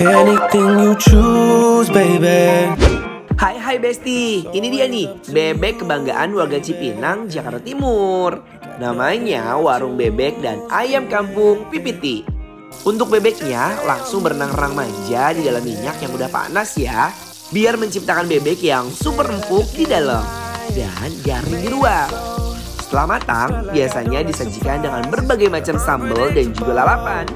Anything you choose, baby. Hai hai Besti, ini dia nih bebek kebanggaan warga Cipinang, Jakarta Timur. Namanya Warung Bebek dan Ayam Kampung Pipiti. Untuk bebeknya langsung berenang-renang manja di dalam minyak yang udah panas ya. Biar menciptakan bebek yang super empuk di dalam dan garing di luar. Setelah matang, biasanya disajikan dengan berbagai macam sambal dan juga lalapan.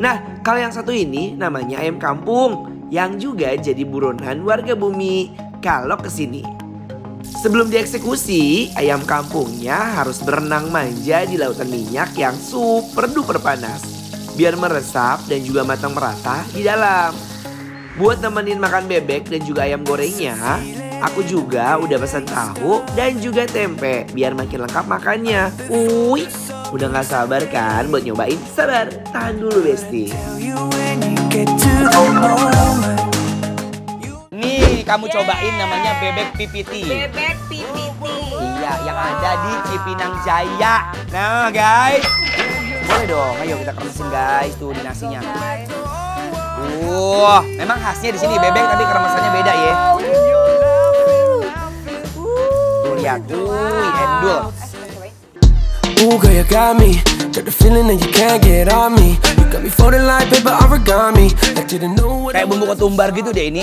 Nah, kalau yang satu ini namanya ayam kampung yang juga jadi buronan warga bumi kalau ke sini. Sebelum dieksekusi, ayam kampungnya harus berenang manja di lautan minyak yang super duper panas. Biar meresap dan juga matang merata di dalam. Buat nemenin makan bebek dan juga ayam gorengnya, aku juga udah pesan tahu dan juga tempe biar makin lengkap makannya. Wih, Udah gak sabar kan buat nyobain? Sabar, tahan dulu Besti. Nih, kamu yeah. cobain namanya bebek pipiti. Bebek pipiti. Iya, yang ada di Cipinang Jaya. Nah, guys. Boleh dong, ayo kita kremesin guys tuh di nasinya. Uh, memang khasnya di sini bebek tapi kremesannya beda ya. Tuh lihat, tuh endul. Ooh, girl, you got me Got the feeling that you can't get on me You got me folded like paper origami I didn't know what Kayak bumbu ketumbar gitu deh ini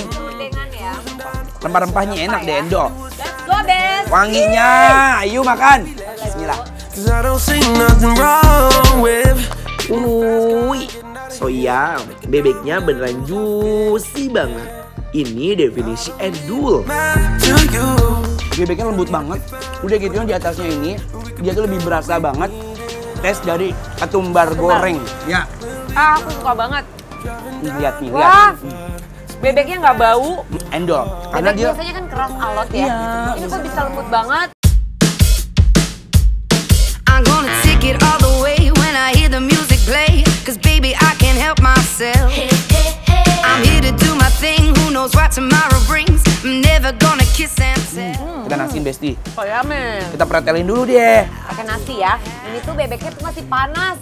Rempah-rempahnya enak deh, Endo Let's go, Bes Wanginya, ayo makan Bismillah Cause I don't see nothing wrong with Wuih, soya, bebeknya beneran juicy banget Ini definisi edul. Bebeknya lembut banget Udah gitu di atasnya ini dia tuh lebih berasa banget tes dari ketumbar Ketumbar. goreng. Ya. Ah, aku suka banget. Lihat-lihat. Bebeknya nggak bau. Endol. Karena dia biasanya kan keras alot ya. Iya. Ini kok bisa lembut banget. I'm gonna take it all the way when I hear the music play. Cause baby I can't help myself. hey, hey, hey. I'm here to do my thing, who knows what tomorrow brings. I'm never gonna Hmm, kita nasiin Besti. Oh ya, men. Kita pretelin dulu dia. Pakai nasi ya. Ini tuh bebeknya tuh masih panas.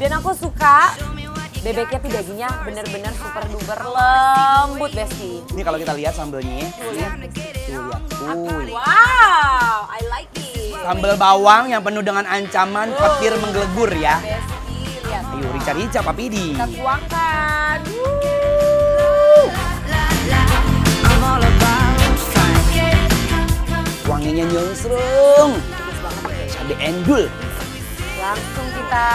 Dan aku suka bebeknya tuh dagingnya bener-bener super duper lembut Besti. Ini kalau kita lihat sambelnya. Tuh Tuh lihat. Tuh. Wow, I like it. Sambel bawang yang penuh dengan ancaman petir menggelegur ya. Besti, lihat. Ayo, rica-rica, Papidi. Kita tuangkan. langsung. Cabe endul. Langsung kita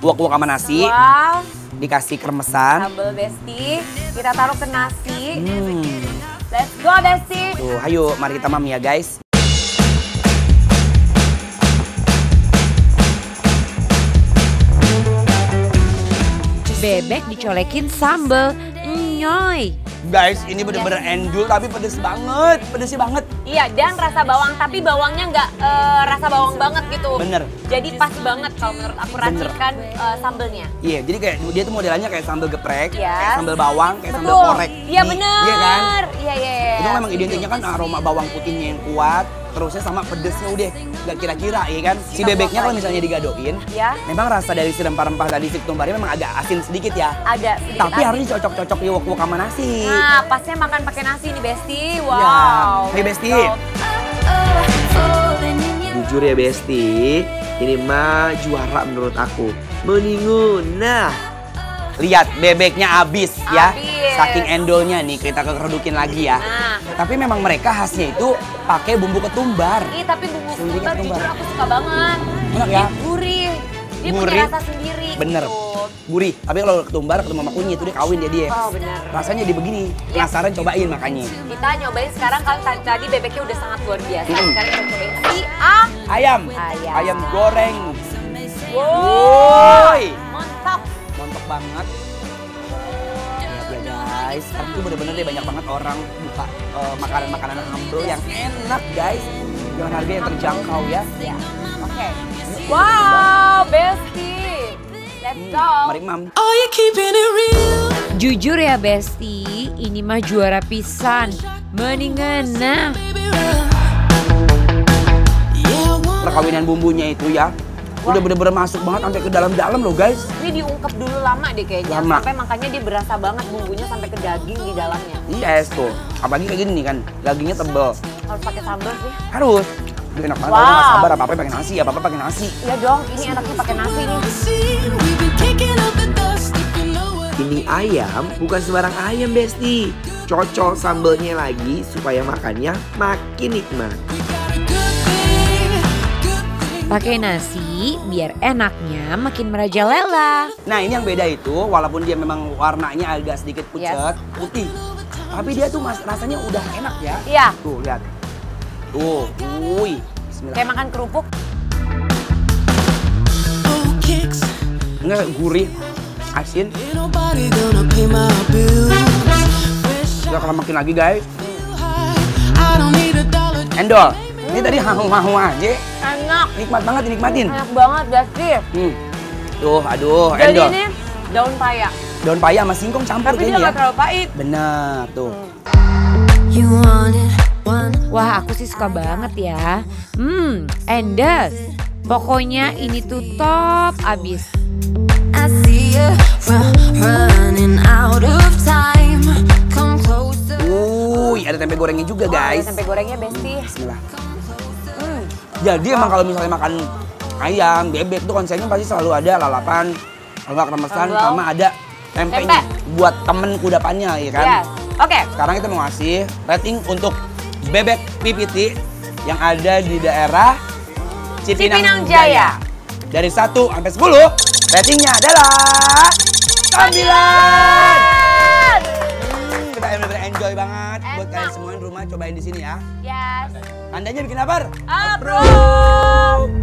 buak buak sama nasi. Wow. Dikasih kremesan. Sambal besti. Kita taruh ke nasi. Hmm. Let's go besti. Tuh, ayo mari kita mami ya guys. Bebek dicolekin sambel. Nyoy. Guys, ini bener-bener endul tapi pedes banget. Pedesnya banget. Iya, dan rasa bawang, tapi bawangnya nggak uh, rasa bawang banget gitu. Bener. Jadi pas banget kalau menurut aku racikan uh, sambelnya. Iya, jadi kayak dia tuh modelannya kayak sambel geprek, yes. Iya. kayak sambel bawang, kayak Betul. sambel korek. Iya bener. Iya kan? Iya, iya. iya. Itu kan memang identiknya kan gitu. aroma bawang putihnya yang kuat, terusnya sama pedesnya udah nggak kira-kira ya kan si iya, bebeknya kalau misalnya digadoin ya. memang rasa dari si rempah-rempah tadi si ketumbarnya memang agak asin sedikit ya ada sedikit tapi harusnya cocok-cocok di wok-wok sama nasi nah pasnya makan pakai nasi nih Besti wow ya. hey Besti Jujur ya Besti, ini mah juara menurut aku. Meningun. Nah, lihat bebeknya abis ya. Saking endolnya nih kita kerudukin lagi ya. Nah. Tapi memang mereka khasnya itu pakai bumbu ketumbar. Iya, tapi bumbu ketumbar, ketumbar jujur aku suka banget. Enak ya? Gurih. Dia punya rasa sendiri. Bener. Gitu gurih. Tapi kalau ketumbar, ketumbar sama kunyit, dia kawin jadi dia. Oh benar. Rasanya jadi begini. Penasaran cobain makanya. Kita nyobain sekarang kan tadi bebeknya udah sangat luar biasa. -hmm. Sekarang kita cobain si ah. ayam. ayam. Ayam goreng. Woi. Mantap. Mantap banget. Lihat ya, guys, tapi itu bener-bener deh banyak banget orang buka makanan eh, makanan-makanan Ambro yang enak guys dengan harga yang terjangkau ya. ya. Oke. Okay. Wow, bestie. Let's go. Hmm, mari mam. Oh, you keeping Jujur ya Besti, ini mah juara pisan. Mendingan nah. Perkawinan bumbunya itu ya, Wah. udah bener-bener masuk banget sampai ke dalam-dalam loh guys. Ini diungkep dulu lama deh kayaknya. Lama. Sampai makanya dia berasa banget bumbunya sampai ke daging di dalamnya. Iya yes, tuh. Apalagi kayak gini kan, dagingnya tebel. Harus pakai sambal sih. Harus. Udah enak banget, wow. gak sabar apa-apa pakai nasi, apa-apa pakai nasi. Iya dong, ini enaknya pakai nasi nih ayam bukan sembarang ayam Besti. cocok sambelnya lagi supaya makannya makin nikmat. Pakai nasi biar enaknya makin merajalela. Nah ini yang beda itu walaupun dia memang warnanya agak sedikit pucat, yes. putih. Tapi dia tuh mas, rasanya udah enak ya. Iya. Tuh lihat. Tuh, wuih. Bismillah. Kayak makan kerupuk. Enggak gurih, asin gak kalah makin lagi guys endol ini tadi hahu-hahu aja enak nikmat banget dinikmatin enak banget sih? hmm. tuh aduh jadi endol ini daun paya daun paya sama singkong campur tapi dia ya. gak terlalu pahit Benar tuh hmm. Wah, aku sih suka banget ya. Hmm, endes. Pokoknya ini tuh top abis ada tempe gorengnya juga guys. Oh, guys. tempe gorengnya besti. Bismillah. Hmm. Jadi emang kalau misalnya makan ayam, bebek tuh konsepnya pasti selalu ada lalapan, kremesan, remesan, sama ada tempe, tempe. buat temen kudapannya, ya kan? Yes. Oke. Okay. Sekarang kita mau ngasih rating untuk bebek PPT yang ada di daerah Cipinang, Cipinang Jaya. Jaya. Dari 1 sampai 10. Ratingnya adalah 9. Hmm, kita benar-benar enjoy banget Enak. buat kalian semua di rumah cobain di sini ya. Yes. Tandanya bikin apa? Approve.